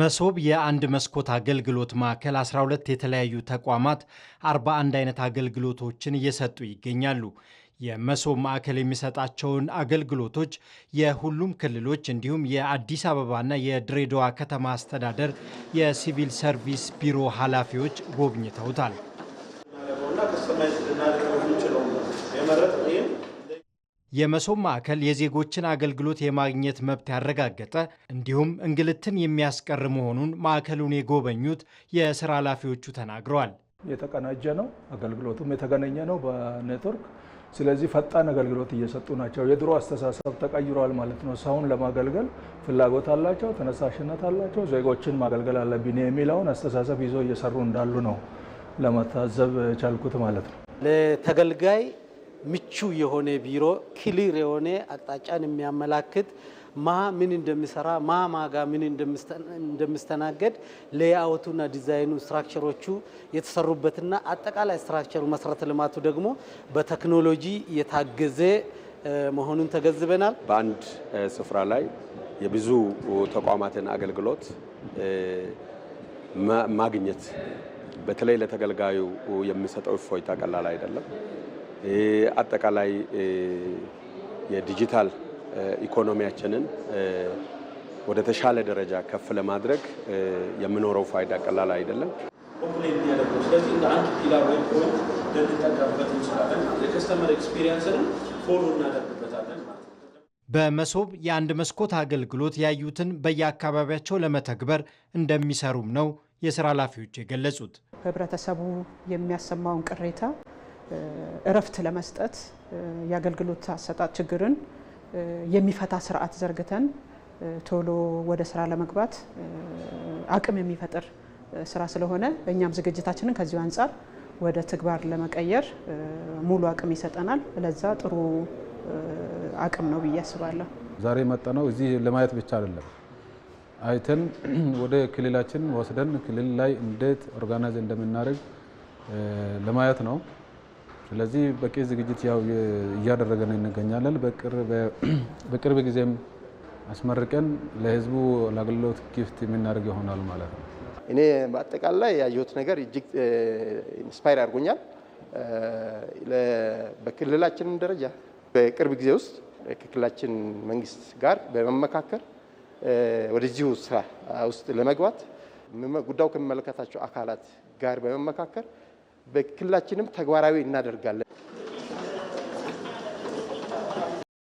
መሶብ የአንድ መስኮት አገልግሎት ማዕከል 12 የተለያዩ ተቋማት 41 አይነት አገልግሎቶችን እየሰጡ ይገኛሉ። የመሶብ ማዕከል የሚሰጣቸውን አገልግሎቶች የሁሉም ክልሎች እንዲሁም የአዲስ አበባና የድሬዳዋ ከተማ አስተዳደር የሲቪል ሰርቪስ ቢሮ ኃላፊዎች ጎብኝተውታል። የመሶብ ማዕከል የዜጎችን አገልግሎት የማግኘት መብት ያረጋገጠ እንዲሁም እንግልትን የሚያስቀር መሆኑን ማዕከሉን የጎበኙት የስራ ኃላፊዎቹ ተናግረዋል። የተቀናጀ ነው፣ አገልግሎቱም የተገነኘ ነው በኔትወርክ ስለዚህ ፈጣን አገልግሎት እየሰጡ ናቸው። የድሮ አስተሳሰብ ተቀይሯል ማለት ነው። ሰውን ለማገልገል ፍላጎት አላቸው፣ ተነሳሽነት አላቸው። ዜጎችን ማገልገል አለብን የሚለውን አስተሳሰብ ይዞ እየሰሩ እንዳሉ ነው ለመታዘብ ቻልኩት ማለት ነው ለተገልጋይ ምቹ የሆነ ቢሮ ክሊር የሆነ አቅጣጫን የሚያመላክት ማ ምን እንደሚሰራ ማ ማጋ ምን እንደሚስተናገድ ሌይአውቱና ዲዛይኑ ስትራክቸሮቹ የተሰሩበትና አጠቃላይ ስትራክቸሩ መሰረተ ልማቱ ደግሞ በቴክኖሎጂ የታገዘ መሆኑን ተገዝበናል። በአንድ ስፍራ ላይ የብዙ ተቋማትን አገልግሎት ማግኘት በተለይ ለተገልጋዩ የሚሰጠው እፎይታ ቀላል አይደለም። አጠቃላይ የዲጂታል ኢኮኖሚያችንን ወደ ተሻለ ደረጃ ከፍ ለማድረግ የምኖረው ፋይዳ ቀላል አይደለም። በመሶብ የአንድ መስኮት አገልግሎት ያዩትን በየአካባቢያቸው ለመተግበር እንደሚሰሩም ነው የስራ ኃላፊዎች የገለጹት። ህብረተሰቡ የሚያሰማውን ቅሬታ እረፍት ለመስጠት የአገልግሎት አሰጣጥ ችግርን የሚፈታ ስርዓት ዘርግተን ቶሎ ወደ ስራ ለመግባት አቅም የሚፈጥር ስራ ስለሆነ እኛም ዝግጅታችንን ከዚሁ አንጻር ወደ ተግባር ለመቀየር ሙሉ አቅም ይሰጠናል። ለዛ ጥሩ አቅም ነው ብዬ አስባለሁ። ዛሬ መጠነው እዚህ ለማየት ብቻ አይደለም፣ አይተን ወደ ክልላችን ወስደን ክልል ላይ እንዴት ኦርጋናይዝ እንደምናደርግ ለማየት ነው። ስለዚህ በቂ ዝግጅት ያው እያደረገን እንገኛለን። በቅርብ ጊዜም አስመርቀን ለህዝቡ ለአገልግሎት ጊፍት የምናደርግ ይሆናል ማለት ነው። እኔ በአጠቃላይ ያየሁት ነገር እጅግ ኢንስፓይር አድርጎኛል። በክልላችንም ደረጃ በቅርብ ጊዜ ውስጥ ከክልላችን መንግስት ጋር በመመካከር ወደዚሁ ስራ ውስጥ ለመግባት ጉዳዩ ከሚመለከታቸው አካላት ጋር በመመካከር በክልላችንም ተግባራዊ እናደርጋለን።